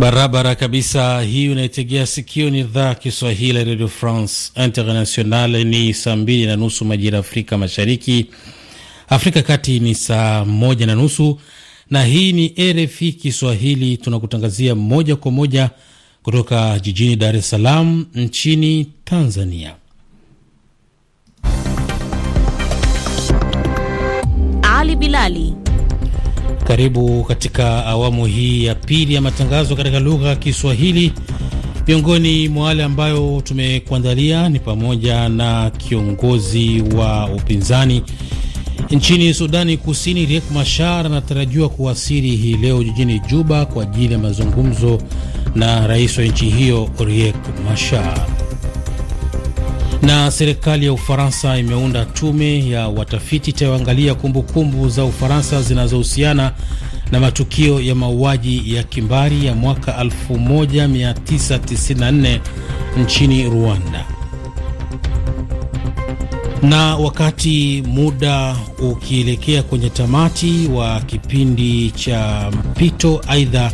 Barabara kabisa, hii unaitegea sikio. Ni idhaa Kiswahili ya Radio France Internationale. Ni saa mbili na nusu majira Afrika Mashariki, Afrika Kati ni saa moja na nusu, na hii ni RFI Kiswahili. Tunakutangazia moja kwa moja kutoka jijini Dar es Salaam nchini Tanzania. Ali Bilali karibu katika awamu hii ya pili ya matangazo katika lugha ya Kiswahili. Miongoni mwa wale ambayo tumekuandalia ni pamoja na kiongozi wa upinzani nchini Sudani Kusini, Riek Machar anatarajiwa kuwasili hii leo jijini Juba kwa ajili ya mazungumzo na rais wa nchi hiyo Riek Machar. Na serikali ya Ufaransa imeunda tume ya watafiti itayoangalia kumbukumbu za Ufaransa zinazohusiana na matukio ya mauaji ya kimbari ya mwaka 1994 nchini Rwanda. Na wakati muda ukielekea kwenye tamati wa kipindi cha mpito aidha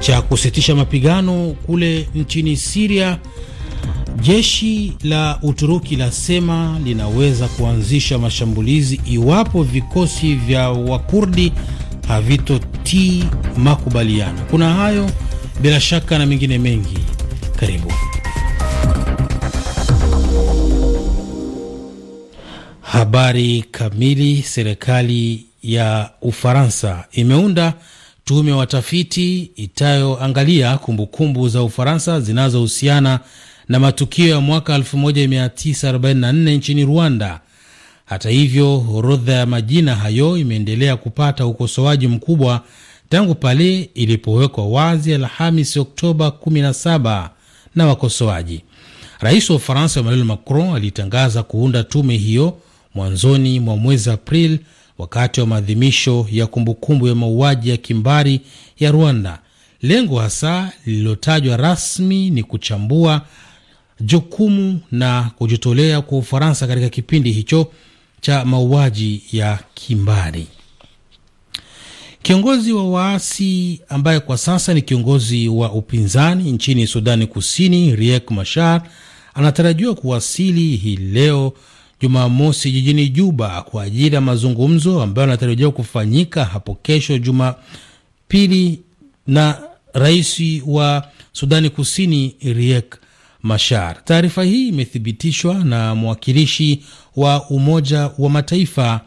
cha kusitisha mapigano kule nchini Syria Jeshi la Uturuki lasema linaweza kuanzisha mashambulizi iwapo vikosi vya Wakurdi havitotii makubaliano. Kuna hayo bila shaka na mengine mengi, karibu. Habari kamili. Serikali ya Ufaransa imeunda tume watafiti itayoangalia kumbukumbu za Ufaransa zinazohusiana na matukio ya mwaka 1944 nchini Rwanda. Hata hivyo, orodha ya majina hayo imeendelea kupata ukosoaji mkubwa tangu pale ilipowekwa wazi alhamis Oktoba 17 na wakosoaji. Rais wa Ufaransa Emmanuel Macron alitangaza kuunda tume hiyo mwanzoni mwa mwezi april wakati wa maadhimisho ya kumbukumbu ya mauaji ya kimbari ya Rwanda. Lengo hasa lililotajwa rasmi ni kuchambua jukumu na kujitolea kwa Ufaransa katika kipindi hicho cha mauaji ya kimbari. Kiongozi wa waasi ambaye kwa sasa ni kiongozi wa upinzani nchini Sudani Kusini, Riek Machar anatarajiwa kuwasili hii leo Jumamosi jijini Juba kwa ajili ya mazungumzo ambayo anatarajiwa kufanyika hapo kesho Jumapili na rais wa Sudani Kusini Riek Mashar. Taarifa hii imethibitishwa na mwakilishi wa Umoja wa Mataifa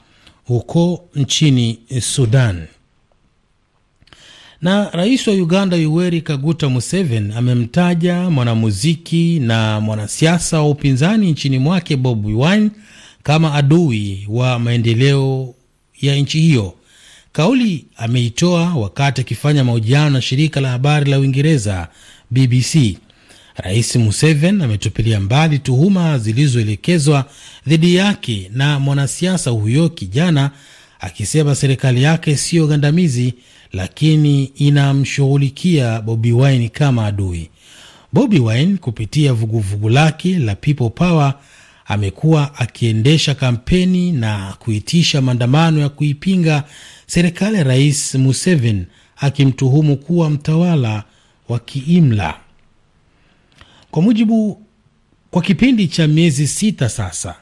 huko nchini Sudan. Na rais wa Uganda Yoweri Kaguta Museveni amemtaja mwanamuziki na mwanasiasa wa upinzani nchini mwake bob Wine kama adui wa maendeleo ya nchi hiyo. Kauli ameitoa wakati akifanya mahojiano na shirika la habari la Uingereza BBC. Rais Museveni ametupilia mbali tuhuma zilizoelekezwa dhidi yake na mwanasiasa huyo kijana, akisema serikali yake siyo gandamizi, lakini inamshughulikia Bobi Wine kama adui. Bobi Wine kupitia vuguvugu lake la People Power amekuwa akiendesha kampeni na kuitisha maandamano ya kuipinga serikali ya Rais Museveni akimtuhumu kuwa mtawala wa kiimla. Kwa mujibu, kwa kipindi cha miezi sita sasa,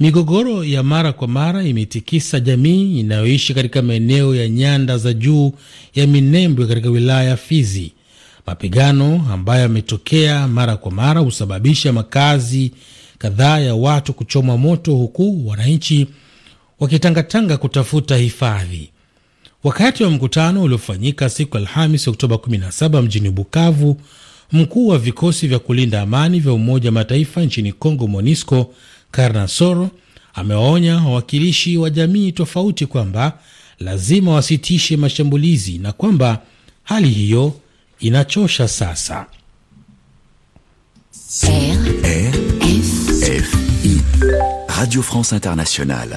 migogoro ya mara kwa mara imetikisa jamii inayoishi katika maeneo ya nyanda za juu ya Minembwe katika wilaya ya Fizi. Mapigano ambayo yametokea mara kwa mara husababisha makazi kadhaa ya watu kuchoma moto, huku wananchi wakitangatanga kutafuta hifadhi. Wakati wa mkutano uliofanyika siku Alhamis Oktoba 17 mjini Bukavu, Mkuu wa vikosi vya kulinda amani vya Umoja wa Mataifa nchini congo monisco Karna Soro amewaonya wawakilishi wa jamii tofauti kwamba lazima wasitishe mashambulizi na kwamba hali hiyo inachosha sasa. RFI, Radio France Internationale.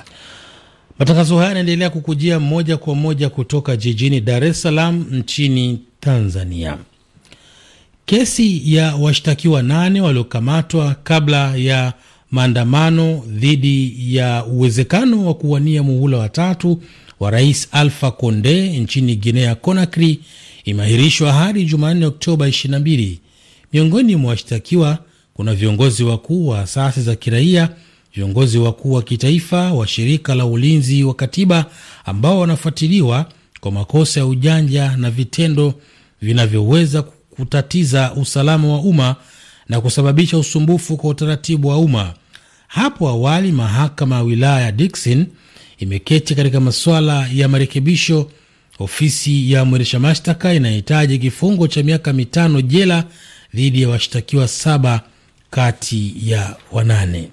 Matangazo haya yanaendelea kukujia moja kwa moja kutoka jijini Dar es Salaam nchini Tanzania. Kesi ya washtakiwa nane waliokamatwa kabla ya maandamano dhidi ya uwezekano wa kuwania muhula watatu wa rais Alpha Conde nchini Guinea Conakry imeahirishwa hadi Jumanne, Oktoba 22. Miongoni mwa washtakiwa kuna viongozi wakuu wa asasi za kiraia, viongozi wakuu wa kitaifa wa shirika la ulinzi wa katiba ambao wanafuatiliwa kwa makosa ya ujanja na vitendo vinavyoweza kutatiza usalama wa umma na kusababisha usumbufu kwa utaratibu wa umma. Hapo awali mahakama ya wilaya ya Dikson imeketi katika masuala ya marekebisho. Ofisi ya mwendesha mashtaka inahitaji kifungo cha miaka mitano jela dhidi ya washtakiwa saba kati ya wanane.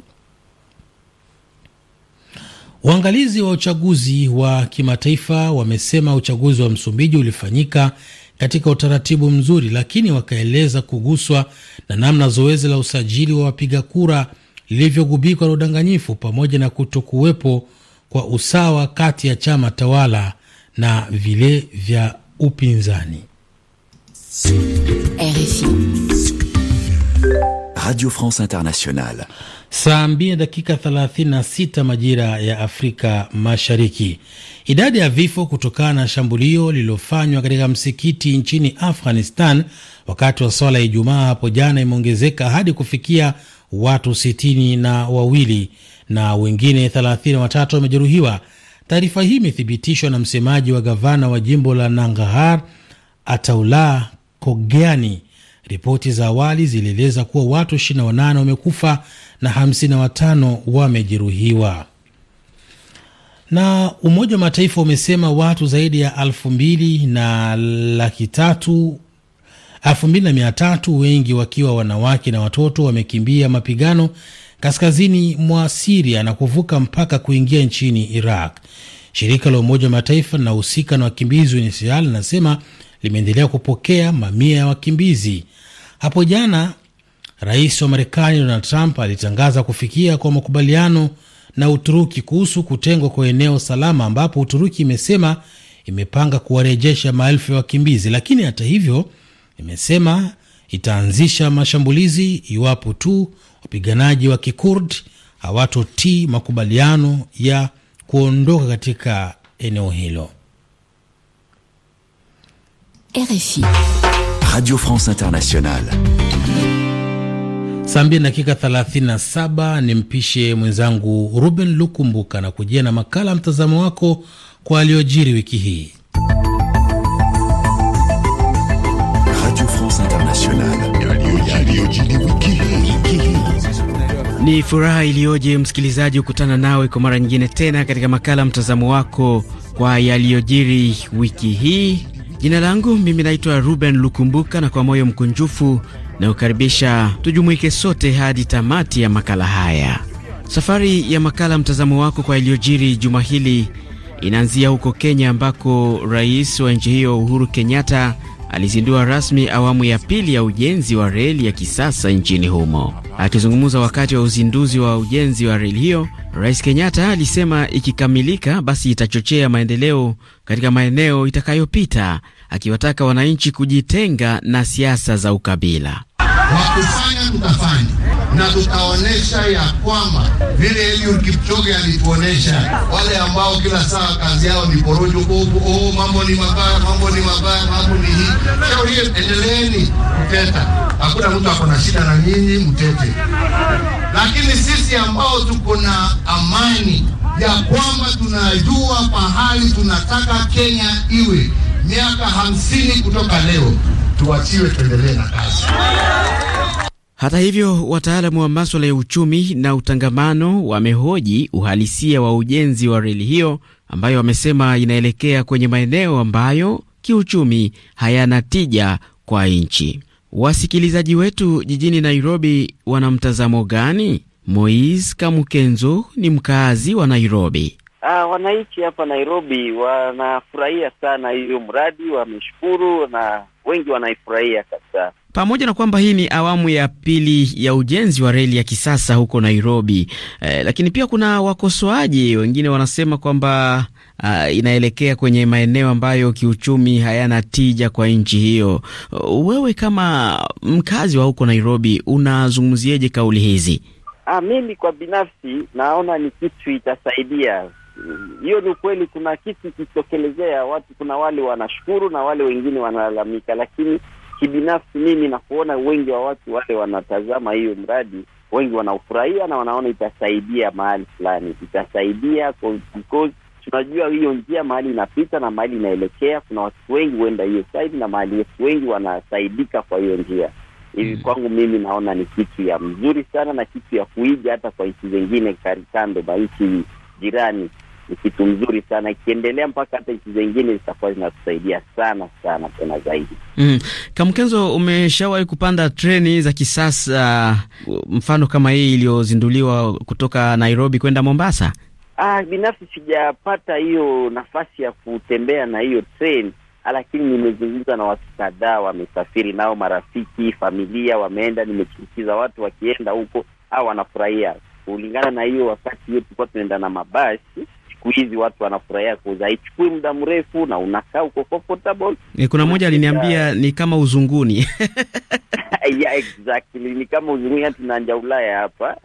Waangalizi wa uchaguzi wa kimataifa wamesema uchaguzi wa Msumbiji ulifanyika katika utaratibu mzuri, lakini wakaeleza kuguswa na namna zoezi la usajili wa wapiga kura lilivyogubikwa na udanganyifu pamoja na kutokuwepo kwa usawa kati ya chama tawala na vile vya upinzani. RFI Radio France Internationale, saa 2 dakika 36 majira ya Afrika Mashariki. Idadi ya vifo kutokana na shambulio lililofanywa katika msikiti nchini Afghanistan wakati wa swala ya Ijumaa hapo jana imeongezeka hadi kufikia watu sitini na wawili na wengine 33 watatu wamejeruhiwa. Taarifa hii imethibitishwa na msemaji wa gavana wa jimbo la nangahar Ataullah Kogiani. Ripoti za awali zilieleza kuwa watu 28 wamekufa na 55 wamejeruhiwa. Na Umoja wa Mataifa umesema watu zaidi ya elfu mbili na laki tatu elfu mbili na mia tatu wengi wakiwa wanawake na watoto wamekimbia mapigano kaskazini mwa Siria na kuvuka mpaka kuingia nchini Iraq. Shirika la Umoja wa Mataifa husika na wakimbizi UNHCR linasema limeendelea kupokea mamia ya wakimbizi. Hapo jana Rais wa Marekani Donald Trump alitangaza kufikia kwa makubaliano na Uturuki kuhusu kutengwa kwa eneo salama, ambapo Uturuki imesema imepanga kuwarejesha maelfu ya wakimbizi, lakini hata hivyo imesema itaanzisha mashambulizi iwapo tu wapiganaji wa Kikurd hawatotii makubaliano ya kuondoka katika eneo hilo. RFI Radio France Internationale. Saa mbili dakika 37 ni mpishe mwenzangu Ruben Lukumbuka na kujia na makala mtazamo wako kwa aliyojiri wiki hii. Radio France Internationale wiki hii. Ni furaha iliyoje msikilizaji, kukutana nawe kwa mara nyingine tena katika makala mtazamo wako kwa yaliyojiri wiki hii. Jina langu mimi naitwa Ruben Lukumbuka na kwa moyo mkunjufu nayokaribisha tujumuike sote hadi tamati ya makala haya. Safari ya makala mtazamo wako kwa yaliyojiri juma hili inaanzia huko Kenya, ambako rais wa nchi hiyo Uhuru Kenyatta alizindua rasmi awamu ya pili ya ujenzi wa reli ya kisasa nchini humo. Akizungumza wakati wa uzinduzi wa ujenzi wa reli hiyo, Rais Kenyatta alisema ikikamilika, basi itachochea maendeleo katika maeneo itakayopita, akiwataka wananchi kujitenga na siasa za ukabila wa kufanya tutafanya na tutaonesha ya kwamba vile Eliud Kipchoge alituonyesha wale ambao kila saa kazi yao ni porojo, oh, oh, oh, mambo ni mabaya, mambo ni mabaya, mambo ni hii. Shauri hiyo, endeleeni kuteta, hakuna mtu ako na shida na nyinyi, mtete. Lakini sisi ambao tuko na amani ya kwamba tunajua pahali tunataka Kenya iwe miaka hamsini kutoka leo tuachiwe tuendelee na kazi. Hata hivyo, wataalamu wa maswala ya uchumi na utangamano wamehoji uhalisia wa ujenzi wa reli hiyo ambayo wamesema inaelekea kwenye maeneo ambayo kiuchumi hayana tija kwa nchi. Wasikilizaji wetu jijini Nairobi wana mtazamo gani? Moise Kamukenzo ni mkaazi wa Nairobi. Ah, wananchi hapa Nairobi wanafurahia sana hiyo mradi, wameshukuru na wengi wanaifurahia kabisa, pamoja na kwamba hii ni awamu ya pili ya ujenzi wa reli ya kisasa huko Nairobi. Eh, lakini pia kuna wakosoaji wengine wanasema kwamba Uh, inaelekea kwenye maeneo ambayo kiuchumi hayana tija kwa nchi hiyo. Wewe kama mkazi wa huko Nairobi unazungumzieje kauli hizi? Ah, mimi kwa binafsi naona ni kitu itasaidia hiyo ni ukweli. Kuna kitu kitokelezea watu kuna wale wanashukuru na wale wengine wanalalamika, lakini kibinafsi mimi na kuona wengi wa watu wale wanatazama hiyo mradi, wengi wanaofurahia na wanaona itasaidia mahali fulani, itasaidia because tunajua hiyo njia mahali inapita na mahali inaelekea. Kuna watu wengi huenda hiyo side na mahali watu wengi wanasaidika kwa hiyo njia hivi mm. Kwangu mimi naona ni kitu ya mzuri sana na kitu ya kuiga hata kwa nchi zingine kando na nchi jirani ni kitu mzuri sana, ikiendelea mpaka hata nchi zingine zitakuwa zinatusaidia sana sana tena zaidi. Mm. Kamkenzo, umeshawahi kupanda treni za kisasa mfano kama hii iliyozinduliwa kutoka Nairobi kwenda Mombasa? Ah, binafsi sijapata hiyo nafasi ya kutembea na hiyo treni, lakini nimezungumza na watu kadhaa, wamesafiri nao, marafiki, familia wameenda. nimechukiza watu wakienda huko, au wanafurahia kulingana na hiyo. Wakati hiyo tulikuwa tunaenda na mabasi siku hizi watu wanafurahia kuuza, haichukui muda mrefu na unakaa uko comfortable. E, Kuna mmoja aliniambia ni kama uzunguni yeah, exactly. Ni kama uzunguni, hata nja Ulaya hapa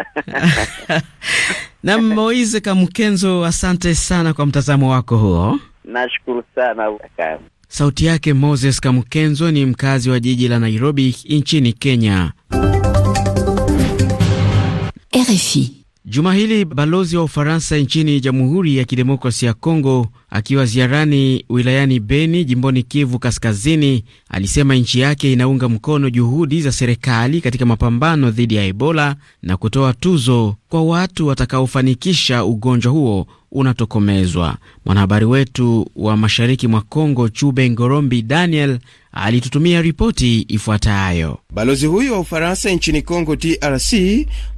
na Moise Kamkenzo, asante sana kwa mtazamo wako huo, nashukuru sana kaka. Sauti yake Moses Kamkenzo ni mkazi wa jiji la Nairobi nchini Kenya. RFI Juma hili balozi wa Ufaransa nchini Jamhuri ya Kidemokrasia ya Kongo akiwa ziarani wilayani Beni jimboni Kivu Kaskazini alisema nchi yake inaunga mkono juhudi za serikali katika mapambano dhidi ya Ebola na kutoa tuzo kwa watu watakaofanikisha ugonjwa huo unatokomezwa. Mwanahabari wetu wa mashariki mwa Kongo Chube Ngorombi Daniel alitutumia ripoti ifuatayo. Balozi huyo wa Ufaransa nchini congo trc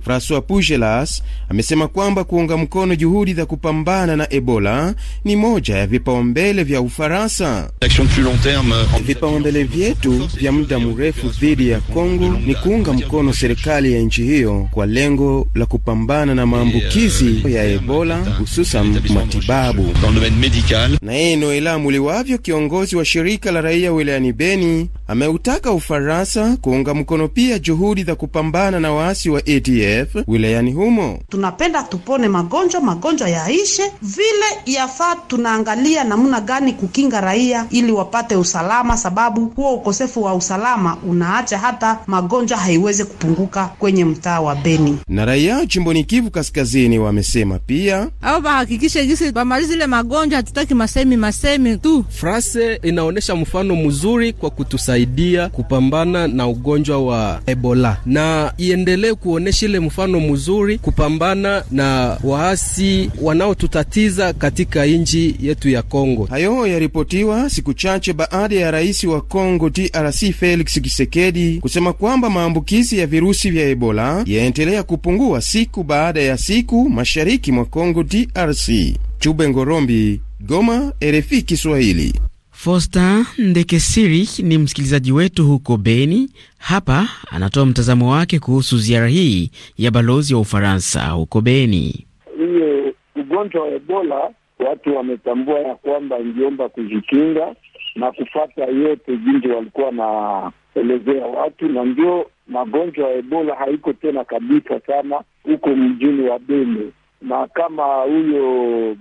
Francois Pugelas amesema kwamba kuunga mkono juhudi za kupambana na Ebola ni moja ya vipaumbele vya Ufaransa. Vipaumbele vyetu vya muda mrefu dhidi ya Kongo ni kuunga mkono serikali ya nchi hiyo kwa lengo la kupambana na maambukizi ya Ebola, hususan matibabu. Na yeye Noela Muliwavyo, kiongozi wa shirika la raia wilayani Deni ameutaka Ufaransa kuunga mkono pia juhudi za kupambana na waasi wa ADF wilayani humo. Tunapenda tupone magonjwa, magonjwa yaishe. Vile yafaa tunaangalia namna gani kukinga raia ili wapate usalama, sababu huo ukosefu wa usalama unaacha hata magonjwa haiweze kupunguka kwenye mtaa wa Beni. Na raia jimboni Kivu Kaskazini wamesema pia au bahakikishe gisi bamalizi ile magonjwa, hatutaki masemi masemi tu. Frase inaonyesha mfano mzuri kwa kutusaidia kupambana na ugonjwa wa Ebola, na iendelee kuonesha ile mfano mzuri kupambana na waasi wanaotutatiza katika nchi yetu ya Kongo. Hayo yaripotiwa siku chache baada ya rais wa Kongo DRC Felix Tshisekedi kusema kwamba maambukizi ya virusi vya Ebola yaendelea kupungua siku baada ya siku mashariki mwa Kongo DRC. Chube Ngorombi, Goma, RFI Kiswahili. Foster Ndekesiri ni msikilizaji wetu huko Beni. Hapa anatoa mtazamo wake kuhusu ziara hii ya balozi wa Ufaransa huko Beni. Hiyo ugonjwa wa Ebola watu wametambua ya kwamba ingiomba kujikinga na kufata yote jinsi walikuwa wanaelezea watu, na ndio magonjwa ya Ebola haiko tena kabisa sana huko mjini wa Beni, na kama huyo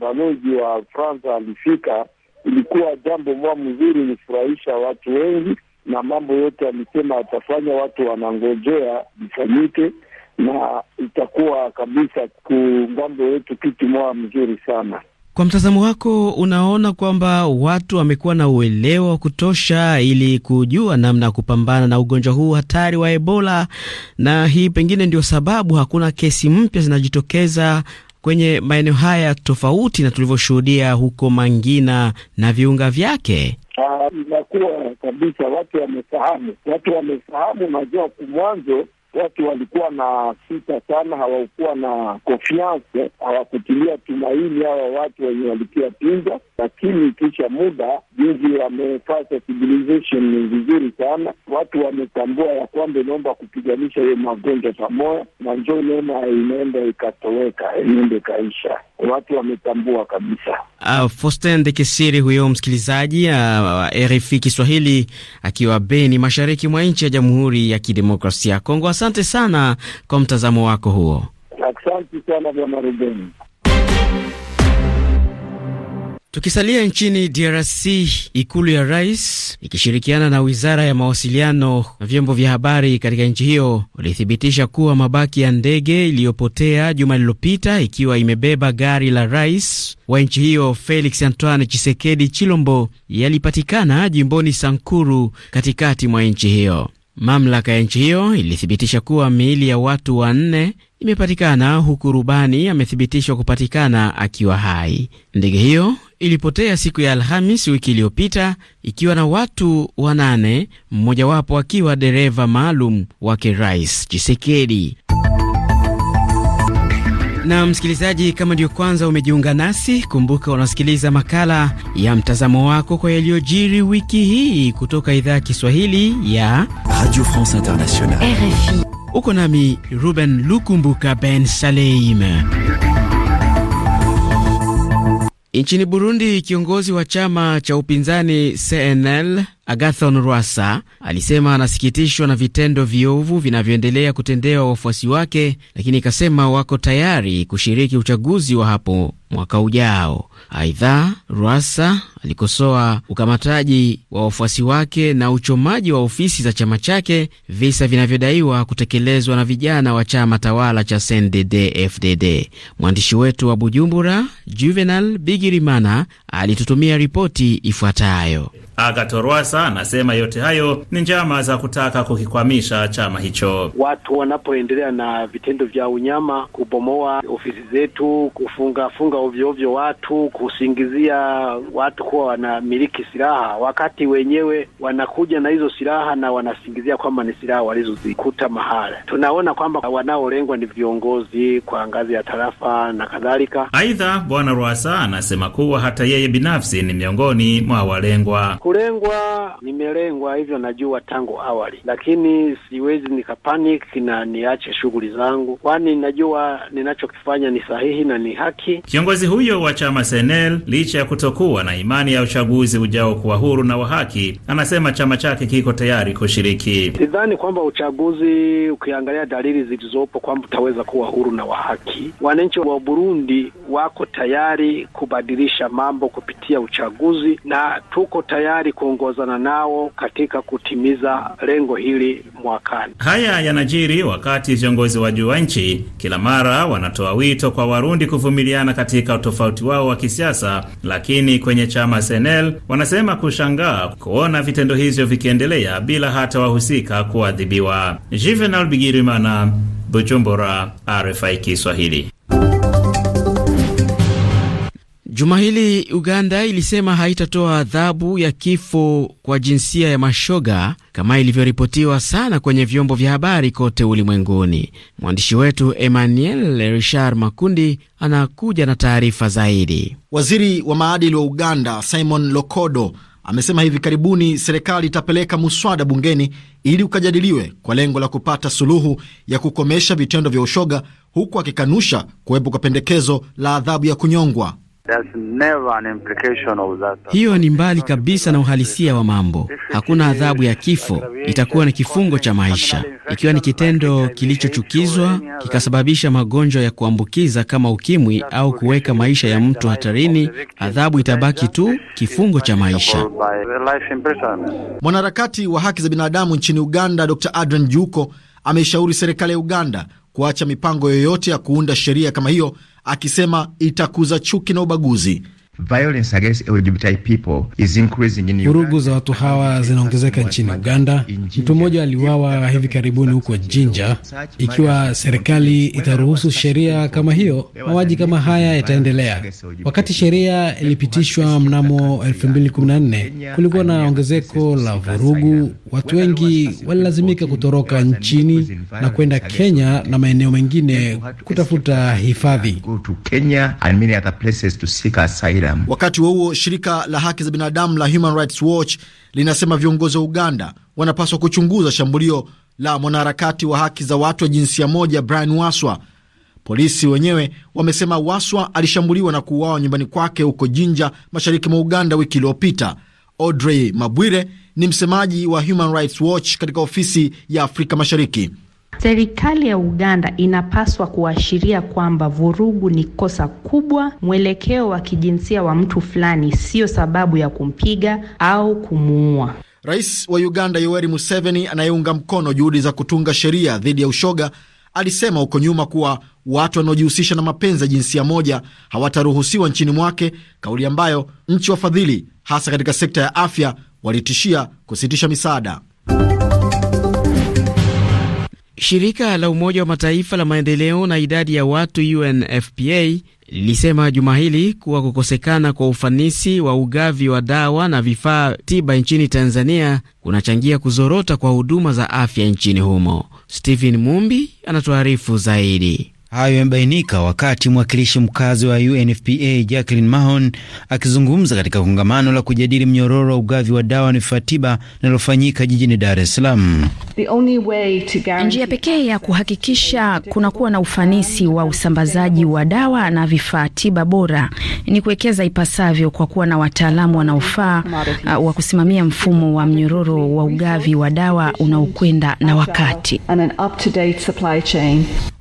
balozi wa Fransa alifika ilikuwa jambo moa mzuri, ilifurahisha watu wengi, na mambo yote alisema atafanya, watu wanangojea ifanyike, na itakuwa kabisa kungambo yetu kitu moa mzuri sana. Kwa mtazamo wako, unaona kwamba watu wamekuwa na uelewa wa kutosha ili kujua namna ya kupambana na ugonjwa huu hatari wa Ebola, na hii pengine ndio sababu hakuna kesi mpya zinajitokeza kwenye maeneo haya tofauti na tulivyoshuhudia huko Mangina na viunga vyake? Ah, inakuwa kabisa, watu wamefahamu, watu wamefahamu. Unajua, kumwanzo watu walikuwa na sita sana, hawakuwa na konfiance, hawakutilia tumaini hawa watu wenye walikia pinda lakini kisha muda jinsi wamefata civilization vizuri sana, watu wametambua ya kwamba inaomba kupiganisha hiyo magonjwa pamoja, na njo neema inaenda ikatoweka, inaenda ikaisha. Watu wametambua kabisa. Uh, Faustin de Kesiri huyo msikilizaji ah, wa uh, RFI Kiswahili akiwa Beni, mashariki mwa nchi ya Jamhuri ya Kidemokrasia ya Kongo. Asante sana kwa mtazamo wako huo. Asante sana bwana Rubeni. Tukisalia nchini DRC, ikulu ya rais ikishirikiana na wizara ya mawasiliano na vyombo vya habari katika nchi hiyo walithibitisha kuwa mabaki ya ndege iliyopotea juma lililopita ikiwa imebeba gari la rais wa nchi hiyo Felix Antoine Chisekedi Chilombo yalipatikana jimboni Sankuru katikati mwa nchi hiyo. Mamlaka ya nchi hiyo ilithibitisha kuwa miili ya watu wanne imepatikana huku rubani amethibitishwa kupatikana akiwa hai. Ndege hiyo ilipotea siku ya Alhamis wiki iliyopita ikiwa na watu wanane, mmojawapo akiwa dereva maalum wake Rais Chisekedi. Na msikilizaji, kama ndio kwanza umejiunga nasi, kumbuka unasikiliza makala ya mtazamo wako kwa yaliyojiri wiki hii kutoka idhaa ya Kiswahili ya Radio France Internationale RFI. Uko nami Ruben Lukumbuka Ben Saleim. Nchini Burundi, kiongozi wa chama cha upinzani CNL Agathon Rwasa alisema anasikitishwa na vitendo viovu vinavyoendelea kutendewa wafuasi wake, lakini ikasema wako tayari kushiriki uchaguzi wa hapo mwaka ujao. Aidha, Rwasa alikosoa ukamataji wa wafuasi wake na uchomaji wa ofisi za chama chake, visa vinavyodaiwa kutekelezwa na vijana wa chama tawala cha CNDD FDD. Mwandishi wetu wa Bujumbura, Juvenal Bigirimana, alitutumia ripoti ifuatayo. Agatorwasa Rwasa anasema yote hayo ni njama za kutaka kukikwamisha chama hicho. Watu wanapoendelea na vitendo vya unyama, kubomoa ofisi zetu, kufungafunga ovyoovyo watu, kusingizia watu kuwa wanamiliki silaha, wakati wenyewe wanakuja na hizo silaha na wanasingizia kwamba ni silaha walizozikuta mahala. Tunaona kwamba wanaolengwa ni viongozi kwa ngazi ya tarafa na kadhalika. Aidha, Bwana Rwasa anasema kuwa hata yeye binafsi ni miongoni mwa walengwa. Kulengwa nimelengwa hivyo, najua tangu awali, lakini siwezi nikapanic na niache shughuli zangu, kwani najua ninachokifanya ni sahihi na ni haki. Kiongozi huyo wa chama Senel, licha ya kutokuwa na imani ya uchaguzi ujao kuwa huru na wa haki, anasema chama chake kiko tayari kushiriki. Sidhani kwamba uchaguzi, ukiangalia dalili zilizopo, kwamba utaweza kuwa huru na wa haki. Wananchi wa Burundi wako tayari kubadilisha mambo kupitia uchaguzi na tuko tayari tayari kuongozana nao katika kutimiza lengo hili mwakani. Haya yanajiri wakati viongozi wa juu wa nchi kila mara wanatoa wito kwa Warundi kuvumiliana katika utofauti wao wa kisiasa, lakini kwenye chama CNL wanasema kushangaa kuona vitendo hivyo vikiendelea bila hata wahusika kuadhibiwa. Juvenal Bigirimana, Bujumbura, RFI Kiswahili. Juma hili Uganda ilisema haitatoa adhabu ya kifo kwa jinsia ya mashoga kama ilivyoripotiwa sana kwenye vyombo vya habari kote ulimwenguni. Mwandishi wetu Emmanuel Richard Makundi anakuja na taarifa zaidi. Waziri wa maadili wa Uganda Simon Lokodo amesema hivi karibuni serikali itapeleka muswada bungeni ili ukajadiliwe kwa lengo la kupata suluhu ya kukomesha vitendo vya ushoga, huku akikanusha kuwepo kwa pendekezo la adhabu ya kunyongwa. Hiyo ni mbali kabisa na uhalisia wa mambo. Hakuna adhabu ya kifo, itakuwa ni kifungo cha maisha ikiwa ni kitendo kilichochukizwa kikasababisha magonjwa ya kuambukiza kama ukimwi au kuweka maisha ya mtu hatarini. Adhabu itabaki tu kifungo cha maisha. Mwanaharakati wa haki za binadamu nchini Uganda Dr. Adrian Juko ameshauri serikali ya Uganda kuacha mipango yoyote ya kuunda sheria kama hiyo, akisema itakuza chuki na ubaguzi. Violence against LGBTI people is increasing in vurugu za watu hawa zinaongezeka nchini Uganda. Mtu mmoja aliuawa hivi karibuni huko Jinja. Ikiwa serikali itaruhusu sheria kama hiyo, mauaji kama haya yataendelea. Wakati sheria ilipitishwa mnamo 2014 kulikuwa na ongezeko la vurugu. Watu wengi walilazimika kutoroka nchini na kwenda Kenya na maeneo mengine kutafuta hifadhi binadamu. Wakati wa huo, shirika la haki za binadamu la Human Rights Watch linasema viongozi wa Uganda wanapaswa kuchunguza shambulio la mwanaharakati wa haki za watu wa jinsia moja Brian Waswa. Polisi wenyewe wamesema Waswa alishambuliwa na kuuawa nyumbani kwake huko Jinja, mashariki mwa Uganda wiki iliyopita. Audrey Mabwire ni msemaji wa Human Rights Watch katika ofisi ya Afrika Mashariki. Serikali ya Uganda inapaswa kuashiria kwamba vurugu ni kosa kubwa. Mwelekeo wa kijinsia wa mtu fulani siyo sababu ya kumpiga au kumuua. Rais wa Uganda Yoweri Museveni, anayeunga mkono juhudi za kutunga sheria dhidi ya ushoga, alisema huko nyuma kuwa watu wanaojihusisha na mapenzi ya jinsia moja hawataruhusiwa nchini mwake, kauli ambayo nchi wafadhili hasa katika sekta ya afya walitishia kusitisha misaada. Shirika la Umoja wa Mataifa la maendeleo na idadi ya watu UNFPA lilisema juma hili kuwa kukosekana kwa ufanisi wa ugavi wa dawa na vifaa tiba nchini Tanzania kunachangia kuzorota kwa huduma za afya nchini humo. Stephen Mumbi anatuarifu zaidi. Hayo yamebainika wakati mwakilishi mkazi wa UNFPA Jacqueline Mahon akizungumza katika kongamano la kujadili mnyororo wa ugavi wa dawa na vifaa tiba linalofanyika jijini Dar es Salaam. Njia pekee ya kuhakikisha kunakuwa na ufanisi wa usambazaji wa dawa na vifaa tiba bora ni kuwekeza ipasavyo kwa kuwa na wataalamu wanaofaa uh, wa kusimamia mfumo wa mnyororo wa ugavi wa dawa unaokwenda na wakati.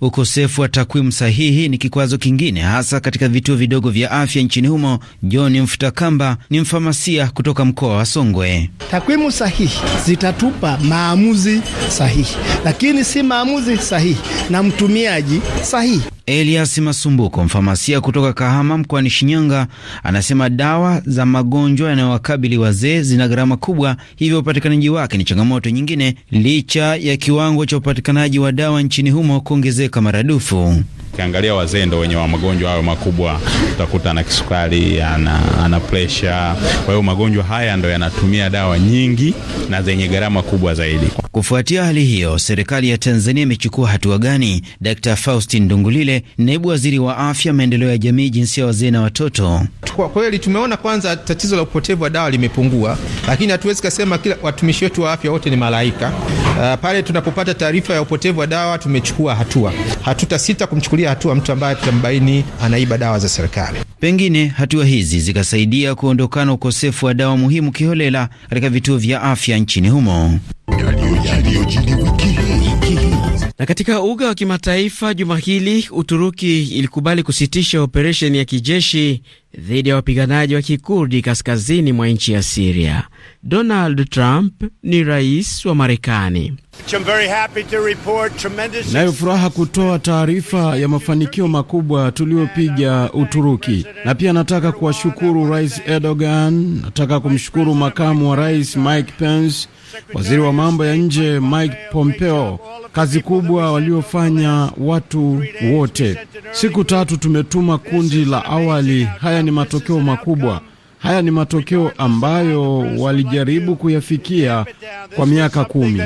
Ukosefu wa takwimu sahihi ni kikwazo kingine, hasa katika vituo vidogo vya afya nchini humo. John Mfutakamba ni mfamasia kutoka mkoa wa Songwe. Takwimu sahihi zitatupa maamuzi sahihi, lakini si maamuzi sahihi na mtumiaji sahihi. Elias Masumbuko, mfamasia kutoka Kahama mkoani Shinyanga, anasema dawa za magonjwa yanayowakabili wazee zina gharama kubwa, hivyo upatikanaji wake ni changamoto nyingine, licha ya kiwango cha upatikanaji wa dawa nchini humo kuongezeka maradufu. Ukiangalia wazee ndo wenye wa magonjwa hayo makubwa, utakuta na kisukari, ana, ana presha. Kwa hiyo magonjwa haya ndo yanatumia dawa nyingi na zenye gharama kubwa zaidi. Kufuatia hali hiyo, serikali ya Tanzania imechukua hatua gani? Dkt. Faustin Ndungulile, naibu waziri wa afya, maendeleo ya jamii, jinsia ya wazee na watoto. Kwa kweli tumeona kwanza tatizo la upotevu wa dawa limepungua, lakini hatuwezi kusema kila watumishi wetu wa afya wote ni malaika. Uh, pale tunapopata taarifa ya upotevu wa dawa tumechukua hatua, hatutasita kumchukulia kuchukulia hatua mtu ambaye tutambaini anaiba dawa za serikali. Pengine hatua hizi zikasaidia kuondokana ukosefu wa dawa muhimu kiholela katika vituo vya afya nchini humo. Na katika uga wa kimataifa juma hili, Uturuki ilikubali kusitisha operesheni ya kijeshi dhidi ya wapiganaji wa kikurdi kaskazini mwa nchi ya Siria. Donald Trump ni rais wa Marekani. nayo furaha kutoa taarifa ya mafanikio makubwa tuliyopiga Uturuki, na pia nataka kuwashukuru Rais Erdogan, nataka kumshukuru makamu wa rais Mike Pence Waziri wa mambo ya nje Mike Pompeo, kazi kubwa waliofanya watu wote. Siku tatu tumetuma kundi la awali. Haya ni matokeo makubwa. Haya ni matokeo ambayo walijaribu kuyafikia kwa miaka kumi.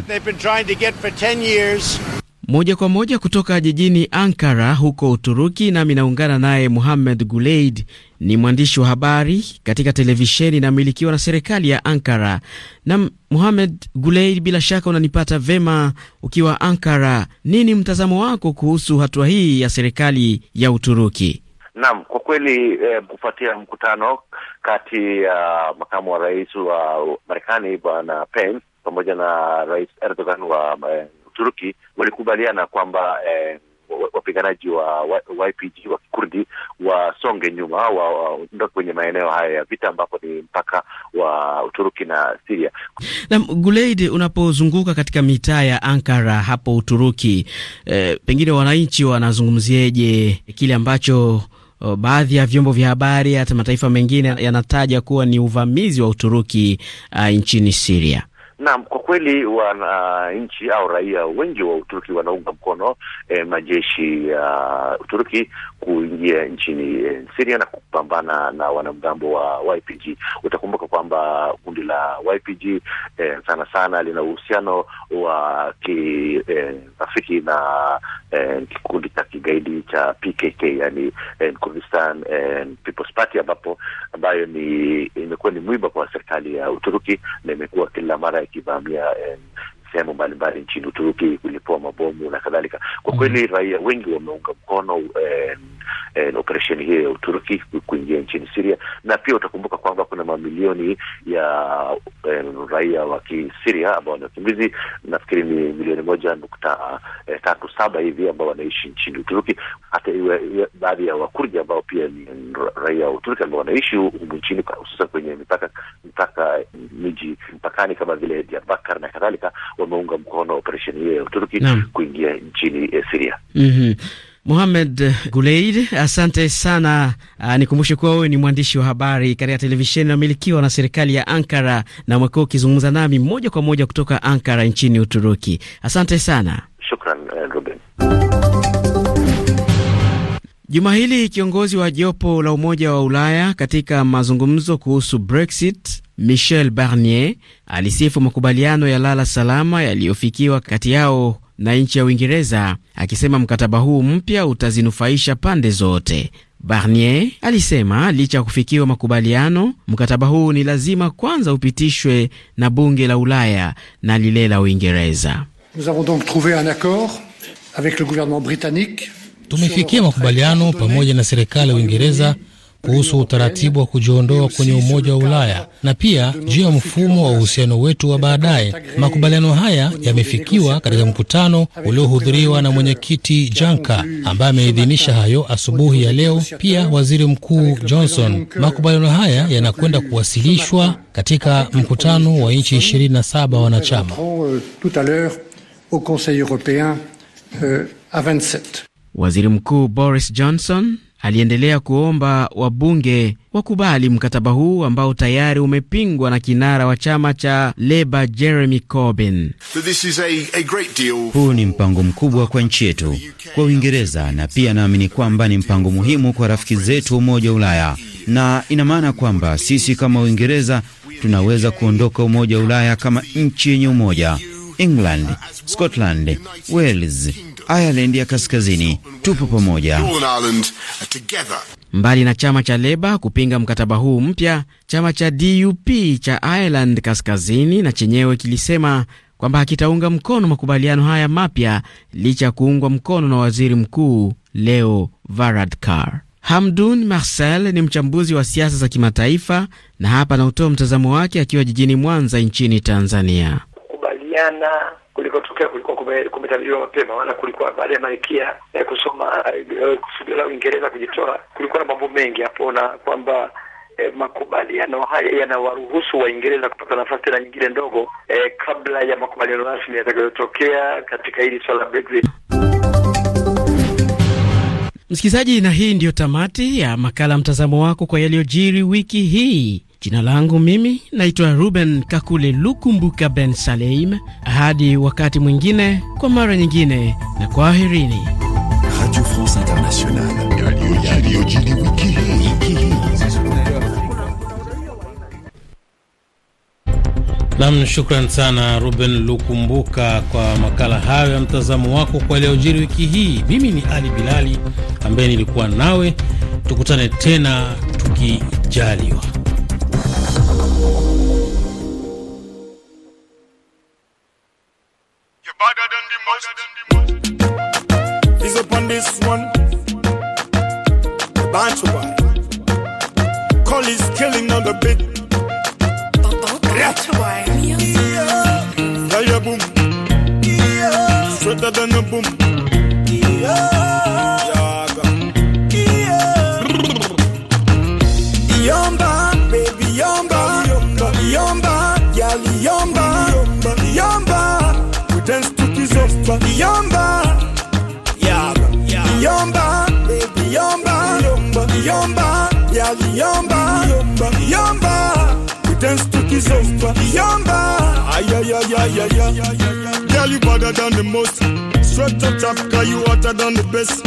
Moja kwa moja kutoka jijini Ankara huko Uturuki, nami naungana naye Muhamed Guleid. Ni mwandishi wa habari katika televisheni inamilikiwa na serikali ya Ankara. Na Muhamed Guleid, bila shaka unanipata vema ukiwa Ankara. Nini mtazamo wako kuhusu hatua hii ya serikali ya Uturuki? Naam, kwa kweli eh, kufuatia mkutano kati ya uh, makamu wa rais wa Marekani bwana Pence pamoja na rais Erdogan wa eh, Uturuki walikubaliana kwamba eh, wapiganaji wa, wa YPG wa Kikurdi wasonge nyuma waondoke wa, kwenye maeneo haya ya vita ambapo ni mpaka wa Uturuki na Siria. Na Guleid, unapozunguka katika mitaa ya Ankara hapo Uturuki, eh, pengine wananchi wanazungumzieje kile ambacho O, oh, baadhi ya vyombo vya habari hata mataifa mengine yanataja kuwa ni uvamizi wa Uturuki uh, nchini Syria. Naam, kwa kweli wananchi uh, au raia wengi wa Uturuki wanaunga mkono eh, majeshi ya uh, Uturuki kuingia nchini eh, Syria na kupambana na wanamgambo wa YPG. Utakumbuka kwamba kundi la YPG eh, sana sana lina uhusiano wa kirafiki eh, na eh, kikundi cha kigaidi cha PKK, yani eh, Kurdistan eh, People's Party, ambapo ambayo ni imekuwa ni mwiba kwa serikali ya Uturuki na imekuwa kila mara ikivamia eh, sehemu mbalimbali nchini Uturuki, kulipua mabomu na kadhalika. Kwa mm. kweli raia wengi wameunga mkono eh, eh, operesheni hiyo ya Uturuki kuingia nchini Siria, na pia utakumbuka kwamba kuna mamilioni ya eh, raia wa Kisiria ambao ni wakimbizi, nafikiri ni milioni moja nukta eh, tatu saba hivi ambao wanaishi nchini Uturuki, hata iwe baadhi ya Wakurdi ambao pia ni raia wa Uturuki ambao wanaishi humu nchini hususan kwenye mipaka mpaka miji mpakani kama vile Diyarbakar na kadhalika wameunga mkono operesheni hiyo ya Uturuki no. kuingia nchini eh, Siria. mm -hmm. Mohamed Guleid, asante sana. Ah, nikumbushe kuwa wewe ni mwandishi wa habari katika televisheni inayomilikiwa na serikali ya Ankara na umekuwa ukizungumza nami moja kwa moja kutoka Ankara nchini Uturuki. Asante sana. Juma hili kiongozi wa jopo la Umoja wa Ulaya katika mazungumzo kuhusu Brexit, Michel Barnier alisifu makubaliano ya lala salama yaliyofikiwa kati yao na nchi ya Uingereza, akisema mkataba huu mpya utazinufaisha pande zote. Barnier alisema licha ya kufikiwa makubaliano, mkataba huu ni lazima kwanza upitishwe na bunge la Ulaya na lile la Uingereza. Nous avons donc trouvé un accord avec le gouvernement britannique Tumefikia makubaliano pamoja na serikali ya Uingereza kuhusu utaratibu wa kujiondoa kwenye Umoja wa Ulaya na pia juu ya mfumo wa uhusiano wetu wa baadaye. Makubaliano haya yamefikiwa katika mkutano uliohudhuriwa na mwenyekiti Janka ambaye ameidhinisha hayo asubuhi ya leo, pia waziri mkuu Johnson. Makubaliano haya yanakwenda kuwasilishwa katika mkutano wa nchi 27 wanachama. Waziri Mkuu Boris Johnson aliendelea kuomba wabunge wakubali mkataba huu ambao tayari umepingwa na kinara wa chama cha Leba Jeremy Corbyn. Huu ni mpango mkubwa kwa nchi yetu, kwa Uingereza, na pia naamini kwamba ni mpango muhimu kwa rafiki zetu wa Umoja wa Ulaya, na ina maana kwamba sisi kama Uingereza tunaweza kuondoka Umoja wa Ulaya kama nchi yenye umoja. England, Scotland, Wales, Ireland ya Kaskazini. Tupo pamoja. Mbali na chama cha Leba kupinga mkataba huu mpya, chama cha DUP cha Ireland Kaskazini na chenyewe kilisema kwamba hakitaunga mkono makubaliano haya mapya licha ya kuungwa mkono na waziri mkuu leo Varadkar. Hamdun Marcel ni mchambuzi wa siasa za kimataifa na hapa anautoa mtazamo wake akiwa jijini Mwanza nchini Tanzania. Kukubaliana kulikotokea kulikuwa kumetabiriwa mapema, maana kulikuwa baada ya malkia ya eh, kusoma eh, la Uingereza kujitoa, kulikuwa na mambo mengi hapo, na kwamba E, makubaliano haya yanawaruhusu Waingereza kupata nafasi tena nyingine ndogo e, kabla ya makubaliano rasmi yatakayotokea katika hili swala la Brexit. Msikilizaji, na hii ndiyo tamati ya makala mtazamo wako kwa yaliyojiri wiki hii. Jina langu mimi naitwa Ruben Kakule Lukumbuka Ben Saleim. Hadi wakati mwingine, kwa mara nyingine, na kwaherini. Radio France Internationale. Nam, shukran sana Ruben Lukumbuka kwa makala hayo ya mtazamo wako kwa yaliyojiri wiki hii. Mimi ni Ali Bilali ambaye nilikuwa nawe, tukutane tena tukijaliwa. boom. Yomba, baby, yomba, yomba, yali yomba, yomba. We dance to this extra, yeah, yomba, baby, yomba, yomba, yali yomba, yomba. We dance to this extra, yomba. Ay yeah yeah yeah yeah yeah, girl you better than the most. Sweat chop top, cause you hotter than the best.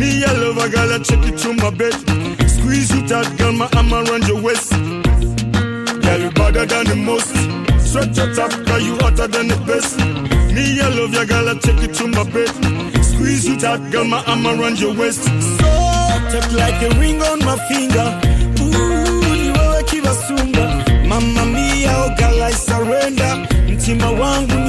Me, I love a girl, I check it through my bed. Squeeze you tight, girl, my arm around your waist. Girl, you better than the most. Sweat chop top, cause you hotter than the best. Me, I love your girl, I check it through my bed. Squeeze you tight, girl, my arm around your waist. So tough like a ring on my finger. Ooh, you oh, are a kibasunga. Mamma mia, oh girl, I surrender. Until my one.